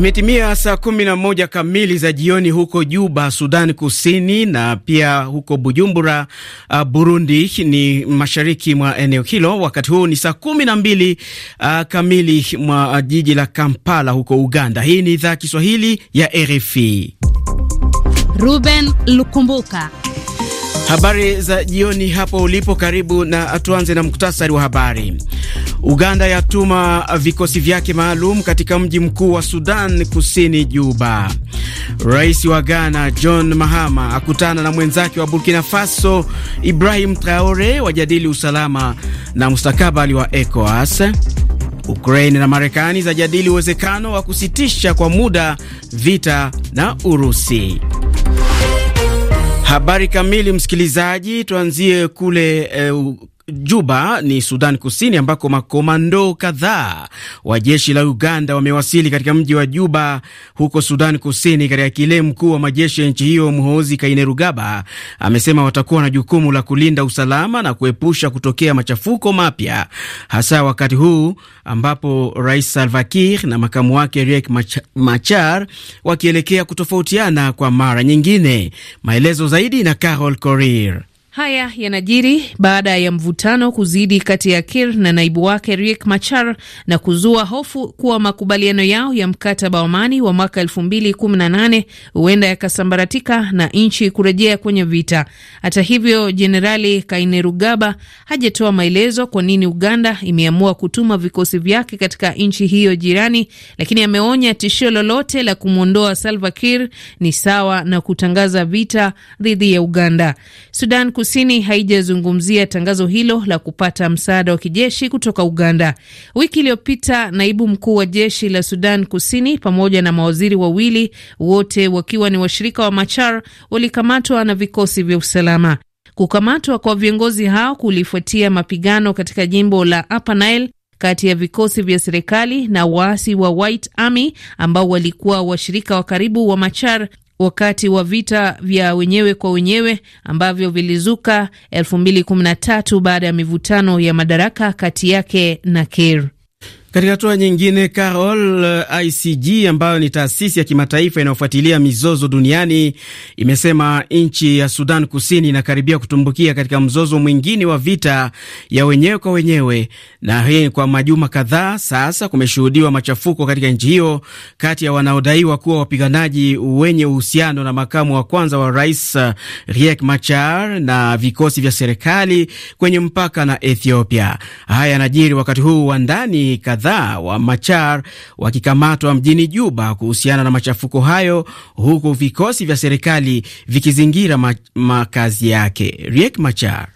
Imetimia saa 11 kamili za jioni huko Juba, Sudan Kusini, na pia huko Bujumbura, uh, Burundi, ni mashariki mwa eneo hilo. Wakati huu ni saa 12 uh, kamili mwa uh, jiji la Kampala huko Uganda. Hii ni idhaa Kiswahili ya RFI. Ruben Lukumbuka Habari za jioni hapo ulipo, karibu na tuanze na muktasari wa habari. Uganda yatuma vikosi vyake maalum katika mji mkuu wa Sudan Kusini, Juba. Rais wa Ghana John Mahama akutana na mwenzake wa Burkina Faso Ibrahim Traore, wajadili usalama na mustakabali wa ECOWAS. Ukraine na Marekani zajadili uwezekano wa kusitisha kwa muda vita na Urusi. Habari kamili, msikilizaji, tuanzie kule eh, Juba ni Sudan Kusini, ambako makomando kadhaa wa jeshi la Uganda wamewasili katika mji wa Juba huko Sudan Kusini, katika kile mkuu wa majeshi ya nchi hiyo Muhoozi Kainerugaba amesema watakuwa na jukumu la kulinda usalama na kuepusha kutokea machafuko mapya, hasa wakati huu ambapo Rais Salva Kiir na makamu wake Riek Machar wakielekea kutofautiana kwa mara nyingine. Maelezo zaidi na Carol Korir. Haya yanajiri baada ya mvutano kuzidi kati ya Kir na naibu wake Riek Machar na kuzua hofu kuwa makubaliano yao ya mkataba wa amani wa mwaka 2018 huenda yakasambaratika na nchi kurejea kwenye vita. Hata hivyo, Jenerali Kainerugaba hajatoa maelezo kwa nini Uganda imeamua kutuma vikosi vyake katika nchi hiyo jirani, lakini ameonya tishio lolote la kumwondoa Salva Kir ni sawa na kutangaza vita dhidi ya Uganda. Sudan Kusini haijazungumzia tangazo hilo la kupata msaada wa kijeshi kutoka Uganda. Wiki iliyopita, naibu mkuu wa jeshi la Sudan Kusini pamoja na mawaziri wawili, wote wakiwa ni washirika wa Machar, walikamatwa na vikosi vya usalama. Kukamatwa kwa viongozi hao kulifuatia mapigano katika jimbo la Upper Nile kati ya vikosi vya serikali na waasi wa White Army ambao walikuwa washirika wa karibu wa Machar wakati wa vita vya wenyewe kwa wenyewe ambavyo vilizuka 2013 baada ya mivutano ya madaraka kati yake na Kiir. Katika hatua nyingine, Carol, eh, ICG ambayo ni taasisi ya kimataifa inayofuatilia mizozo duniani imesema nchi ya Sudan Kusini inakaribia kutumbukia katika mzozo mwingine wa vita ya wenyewe kwa wenyewe, na hii kwa majuma kadhaa sasa. Kumeshuhudiwa machafuko katika nchi hiyo kati ya wanaodaiwa kuwa wapiganaji wenye uhusiano na makamu wa kwanza wa rais eh, Riek Machar na vikosi vya serikali kwenye mpaka na Ethiopia. Haya yanajiri wakati huu wa ndani kadhaa wa Machar wakikamatwa mjini Juba kuhusiana na machafuko hayo, huku vikosi vya serikali vikizingira ma makazi yake. Riek Machar: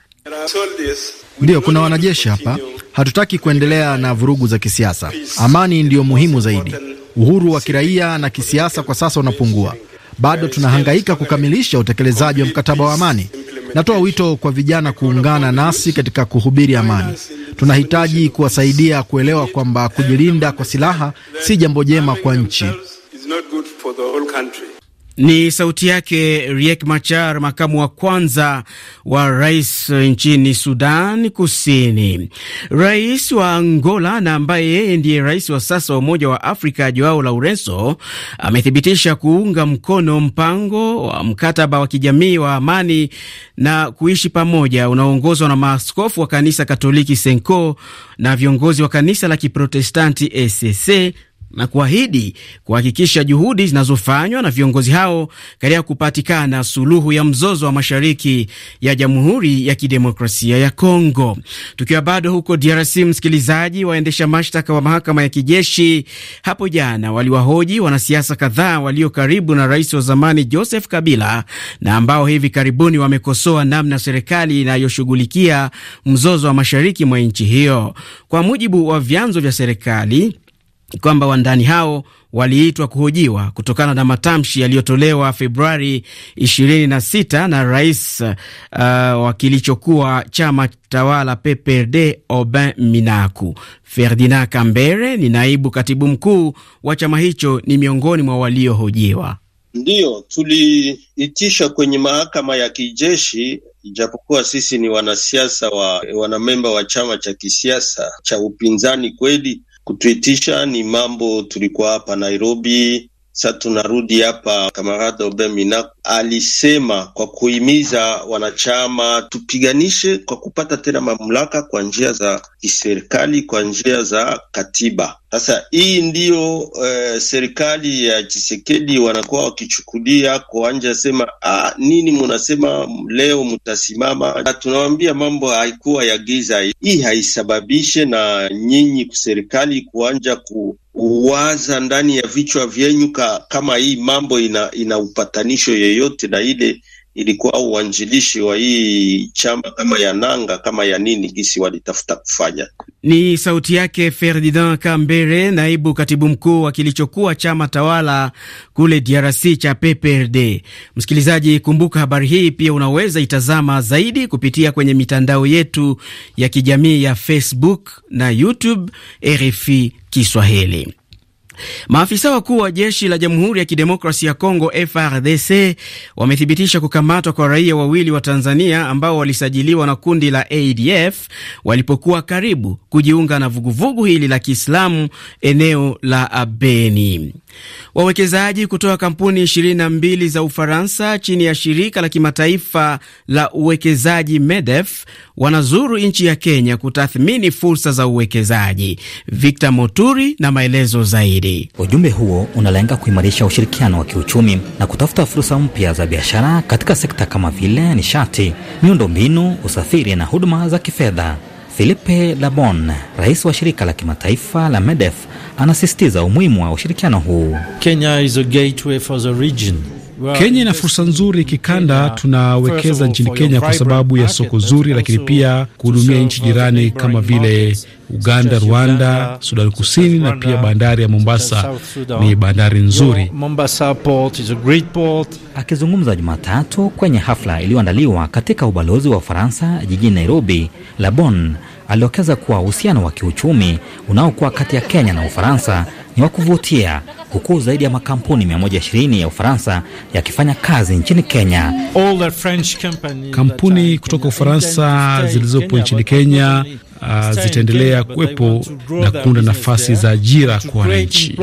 Ndiyo, kuna wanajeshi hapa. Hatutaki kuendelea na vurugu za kisiasa. Amani ndiyo muhimu zaidi. Uhuru wa kiraia na kisiasa kwa sasa unapungua. Bado tunahangaika kukamilisha utekelezaji wa mkataba wa amani. Natoa wito kwa vijana kuungana nasi katika kuhubiri amani. Tunahitaji kuwasaidia kuelewa kwamba kujilinda kwa silaha si jambo jema kwa nchi. Ni sauti yake Riek Machar, makamu wa kwanza wa rais nchini Sudan Kusini. Rais wa Angola na ambaye yeye ndiye rais wa sasa wa Umoja wa Afrika Joao Lourenco amethibitisha kuunga mkono mpango wa mkataba wa kijamii wa amani na kuishi pamoja unaoongozwa na maaskofu wa kanisa Katoliki senco na viongozi wa kanisa la Kiprotestanti esc na kuahidi kuhakikisha juhudi zinazofanywa na viongozi hao katika kupatikana suluhu ya mzozo wa mashariki ya Jamhuri ya Kidemokrasia ya Kongo. Tukiwa bado huko DRC, msikilizaji, waendesha mashtaka wa mahakama ya kijeshi hapo jana waliwahoji wanasiasa kadhaa walio karibu na rais wa zamani Joseph Kabila na ambao hivi karibuni wamekosoa namna serikali inayoshughulikia mzozo wa mashariki mwa nchi hiyo. Kwa mujibu wa vyanzo vya serikali kwamba wandani hao waliitwa kuhojiwa kutokana na matamshi yaliyotolewa Februari 26 na rais uh, wa kilichokuwa chama tawala PPRD Aubin Minaku. Ferdinand Kambere ni naibu katibu mkuu wa chama hicho, ni miongoni mwa waliohojiwa. Ndiyo, tuliitisha kwenye mahakama ya kijeshi ijapokuwa sisi ni wanasiasa wa wanamemba wa chama cha kisiasa cha upinzani kweli kutuitisha. Ni mambo tulikuwa hapa Nairobi, sa tunarudi hapa Kamarada Obe alisema kwa kuhimiza wanachama tupiganishe kwa kupata tena mamlaka kwa njia za kiserikali, kwa njia za katiba. Sasa hii ndiyo eh, serikali ya Chisekedi wanakuwa wakichukulia kuanja sema, ah, nini munasema leo mtasimama? Na tunawambia mambo haikuwa ya giza, hii haisababishe na nyinyi serikali kuanja ku uwaza ndani ya vichwa vyenyu kama hii mambo ina, ina upatanisho ye yeyote na ile ilikuwa uanjilishi wa hii chama kama ya nanga kama ya nini gisi walitafuta kufanya. Ni sauti yake Ferdinand Kambere, naibu katibu mkuu wa kilichokuwa chama tawala kule DRC cha PPRD. Msikilizaji, kumbuka habari hii pia unaweza itazama zaidi kupitia kwenye mitandao yetu ya kijamii ya Facebook na YouTube RFI Kiswahili. Maafisa wakuu wa jeshi la Jamhuri ya Kidemokrasia ya Kongo FRDC wamethibitisha kukamatwa kwa raia wawili wa Tanzania ambao walisajiliwa na kundi la ADF walipokuwa karibu kujiunga na vuguvugu hili la Kiislamu eneo la Abeni. Wawekezaji kutoka kampuni 22 za Ufaransa chini ya shirika la kimataifa la uwekezaji MEDEF wanazuru nchi ya Kenya kutathmini fursa za uwekezaji. Victor Moturi na maelezo zaidi. Ujumbe huo unalenga kuimarisha ushirikiano wa kiuchumi na kutafuta fursa mpya za biashara katika sekta kama vile nishati, miundombinu, usafiri na huduma za kifedha. Philippe Labon, rais wa shirika la kimataifa la MEDEF, anasisitiza umuhimu wa ushirikiano huu. Kenya is a gateway for the region. Kenya ina fursa nzuri kikanda. Tunawekeza nchini Kenya kwa sababu ya soko zuri, lakini pia kuhudumia nchi jirani kama vile Uganda, Rwanda, Sudan Kusini na pia bandari ya Mombasa ni bandari nzuri. Akizungumza Jumatatu kwenye hafla iliyoandaliwa katika ubalozi wa Ufaransa jijini Nairobi, Labon aliokeza kuwa uhusiano wa kiuchumi unaokuwa kati ya Kenya na Ufaransa ni wa kuvutia huku zaidi ya makampuni 120 ya Ufaransa yakifanya kazi nchini Kenya. Kampuni kutoka Ufaransa zilizopo nchini Kenya uh, zitaendelea kuwepo na kuunda nafasi za ajira kwa wananchi.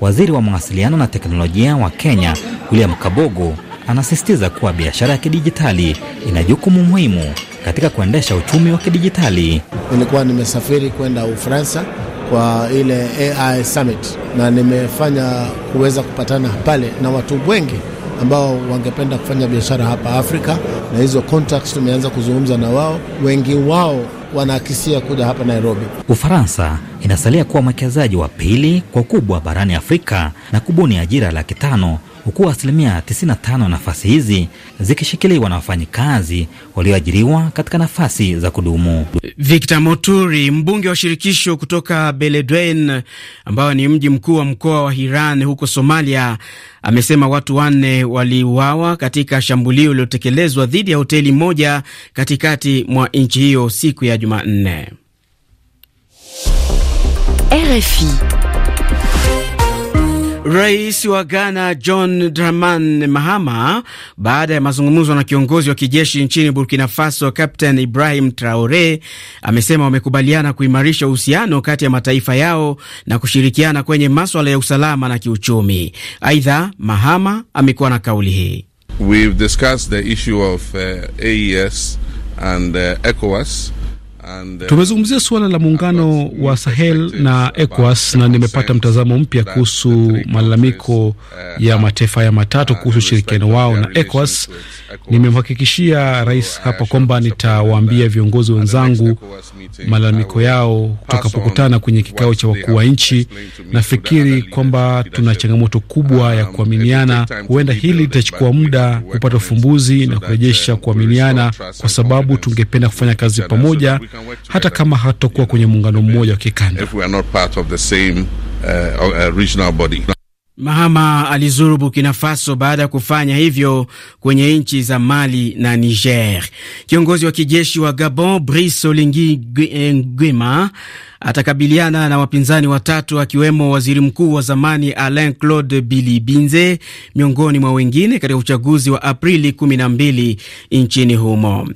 Waziri wa mawasiliano na teknolojia wa Kenya William Kabogo anasisitiza kuwa biashara ya kidijitali ina jukumu muhimu katika kuendesha uchumi wa kidijitali. Nilikuwa nimesafiri kwenda Ufaransa kwa ile AI Summit, na nimefanya kuweza kupatana pale na watu wengi ambao wangependa kufanya biashara hapa Afrika, na hizo contacts tumeanza kuzungumza na wao. Wengi wao wanaakisia kuja hapa Nairobi. Ufaransa inasalia kuwa mwekezaji wa pili kwa kubwa barani Afrika na kubuni ajira laki tano huku asilimia 95 nafasi hizi zikishikiliwa na wafanyikazi walioajiriwa katika nafasi za kudumu. Victor Moturi, mbunge wa shirikisho kutoka Beledweyne ambao ni mji mkuu wa mkoa wa Hiran huko Somalia, amesema watu wanne waliuawa katika shambulio lililotekelezwa dhidi ya hoteli moja katikati mwa nchi hiyo siku ya Jumanne. RFI Rais wa Ghana John Dramani Mahama, baada ya mazungumzo na kiongozi wa kijeshi nchini Burkina Faso Captain Ibrahim Traore, amesema wamekubaliana kuimarisha uhusiano kati ya mataifa yao na kushirikiana kwenye maswala ya usalama na kiuchumi. Aidha, Mahama amekuwa na kauli hii: We've discussed the issue of, uh, AES and, uh, ECOWAS. Uh, Tumezungumzia suala la muungano wa Sahel na ECOWAS na nimepata mtazamo mpya kuhusu malalamiko uh, ya mataifa haya matatu uh, kuhusu ushirikiano wao na ECOWAS. Nimemhakikishia rais hapa kwamba nitawaambia viongozi wenzangu malalamiko yao tutakapokutana kwenye kikao cha wakuu wa nchi. Nafikiri kwamba tuna changamoto kubwa ya um, kuaminiana. Huenda hili litachukua muda kupata ufumbuzi na kurejesha kuaminiana, kwa sababu tungependa kufanya kazi pamoja hata kama hatokuwa kwenye muungano mmoja wa kikanda. Mahama alizuru Burkina Faso baada ya kufanya hivyo kwenye nchi za Mali na Niger. Kiongozi wa kijeshi wa Gabon Brice Olingi Nguema atakabiliana na wapinzani watatu akiwemo waziri mkuu wa zamani Alain Claude Bilibinze miongoni mwa wengine katika uchaguzi wa Aprili 12 nchini humo.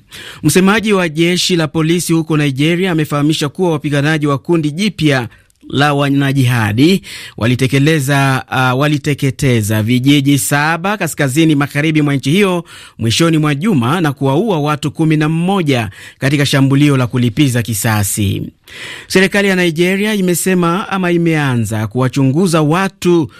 Msemaji wa jeshi la polisi huko Nigeria amefahamisha kuwa wapiganaji wa kundi jipya la wanajihadi walitekeleza uh, waliteketeza vijiji saba kaskazini magharibi mwa nchi hiyo mwishoni mwa juma na kuwaua watu kumi na mmoja katika shambulio la kulipiza kisasi. Serikali ya Nigeria imesema ama imeanza kuwachunguza watu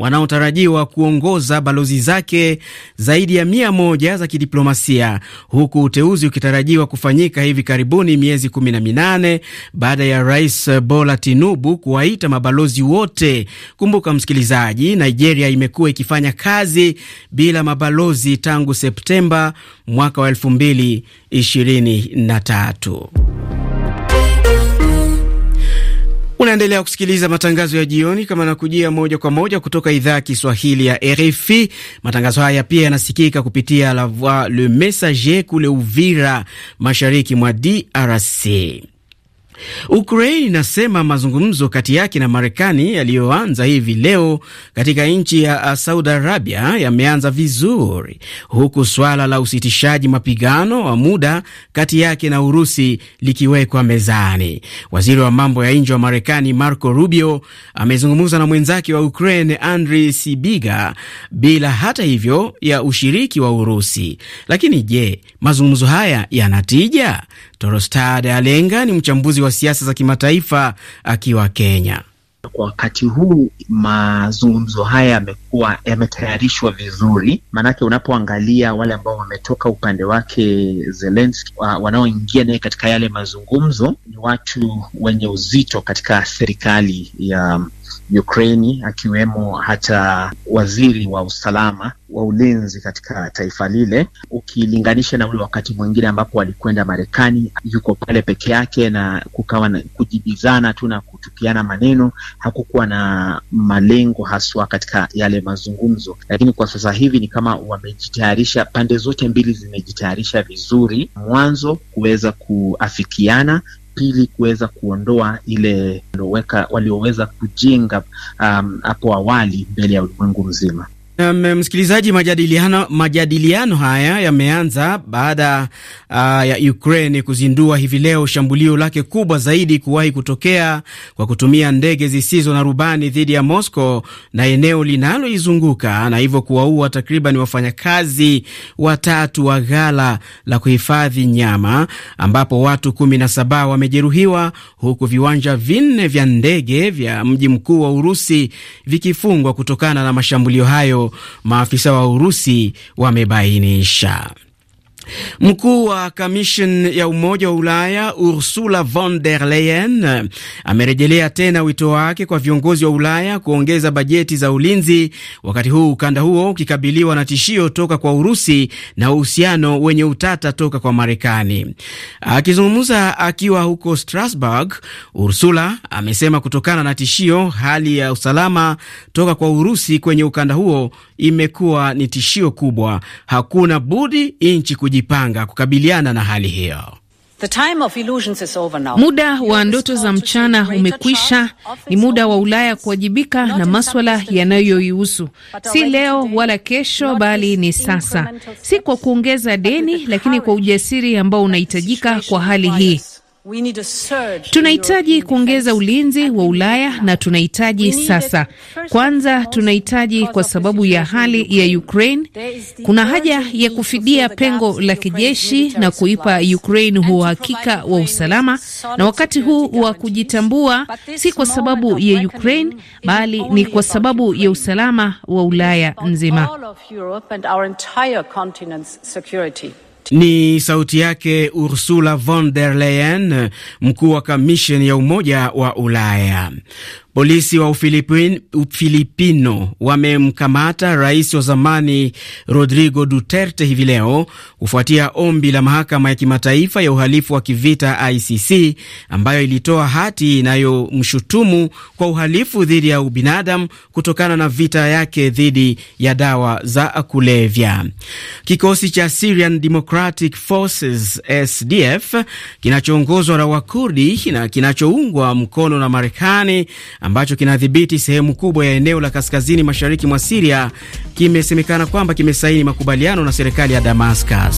wanaotarajiwa kuongoza balozi zake zaidi ya mia moja za kidiplomasia, huku uteuzi ukitarajiwa kufanyika hivi karibuni, miezi kumi na minane baada ya Rais Bola Tinubu kuwaita mabalozi wote. Kumbuka msikilizaji, Nigeria imekuwa ikifanya kazi bila mabalozi tangu Septemba mwaka wa elfu mbili ishirini na tatu. Unaendelea kusikiliza matangazo ya jioni kama nakujia moja kwa moja kutoka idhaa ya Kiswahili ya RFI. Matangazo haya pia yanasikika kupitia La Voix Le Messager kule Uvira, mashariki mwa DRC. Ukraine inasema mazungumzo kati yake na Marekani yaliyoanza hivi leo katika nchi ya uh, Saudi Arabia yameanza vizuri, huku swala la usitishaji mapigano wa muda kati yake na Urusi likiwekwa mezani. Waziri wa mambo ya nje wa Marekani Marco Rubio amezungumza na mwenzake wa Ukraine Andriy Sybiga bila hata hivyo ya ushiriki wa Urusi. Lakini je, mazungumzo haya yanatija? Torostad Alenga ni mchambuzi wa siasa za kimataifa akiwa Kenya. Kwa wakati huu mazungumzo haya yamekuwa yametayarishwa vizuri, maanake unapoangalia wale ambao wametoka upande wake Zelensky, wanaoingia naye katika yale mazungumzo ni watu wenye uzito katika serikali ya Ukraini, akiwemo hata waziri wa usalama wa ulinzi katika taifa lile, ukilinganisha na ule wakati mwingine ambapo walikwenda Marekani, yuko pale peke yake na kukawa na kujibizana tu na kutupiana maneno. Hakukuwa na malengo haswa katika yale mazungumzo, lakini kwa sasa hivi ni kama wamejitayarisha, pande zote mbili zimejitayarisha vizuri mwanzo kuweza kuafikiana pili kuweza kuondoa ile walioweza kujenga um, hapo um, awali mbele ya ulimwengu mzima. Um, msikilizaji, majadiliano, majadiliano haya yameanza baada uh, ya Ukraine kuzindua hivi leo shambulio lake kubwa zaidi kuwahi kutokea kwa kutumia ndege zisizo na rubani dhidi ya Moscow na eneo linaloizunguka na hivyo kuwaua takriban wafanyakazi watatu wa ghala la kuhifadhi nyama, ambapo watu kumi na saba wamejeruhiwa huku viwanja vinne vya ndege vya mji mkuu wa Urusi vikifungwa kutokana na mashambulio hayo maafisa wa Urusi wamebainisha. Mkuu wa kamishen ya Umoja wa Ulaya Ursula von der Leyen amerejelea tena wito wake kwa viongozi wa Ulaya kuongeza bajeti za ulinzi, wakati huu ukanda huo ukikabiliwa na tishio toka kwa Urusi na uhusiano wenye utata toka kwa Marekani. Akizungumza akiwa huko Strasbourg, Ursula amesema kutokana na tishio, hali ya usalama toka kwa Urusi kwenye ukanda huo imekuwa ni tishio kubwa. Hakuna budi nchi kujipanga kukabiliana na hali hiyo. The time of illusions is over now. Muda wa ndoto za mchana umekwisha. Ni muda wa Ulaya kuwajibika na maswala yanayoihusu, si leo wala kesho, bali ni sasa, si kwa kuongeza deni, lakini kwa ujasiri ambao unahitajika kwa hali hii. Tunahitaji kuongeza ulinzi wa Ulaya na tunahitaji sasa. Kwanza tunahitaji kwa sababu ya hali ya Ukraine, kuna haja ya kufidia pengo la kijeshi na kuipa Ukraine uhakika wa usalama na wakati huu wa kujitambua, si kwa sababu ya Ukraine bali ni kwa sababu ya usalama wa Ulaya nzima. Ni sauti yake Ursula von der Leyen, mkuu wa kamisheni ya Umoja wa Ulaya. Polisi wa Ufilipin, Ufilipino wamemkamata rais wa zamani Rodrigo Duterte hivi leo kufuatia ombi la mahakama ya kimataifa ya uhalifu wa kivita ICC ambayo ilitoa hati inayomshutumu kwa uhalifu dhidi ya ubinadamu kutokana na vita yake dhidi ya dawa za kulevya. Kikosi cha Syrian Democratic Forces SDF kinachoongozwa na Wakurdi na kinachoungwa mkono na Marekani ambacho kinadhibiti sehemu kubwa ya eneo la kaskazini mashariki mwa Siria kimesemekana kwamba kimesaini makubaliano na serikali ya Damascus.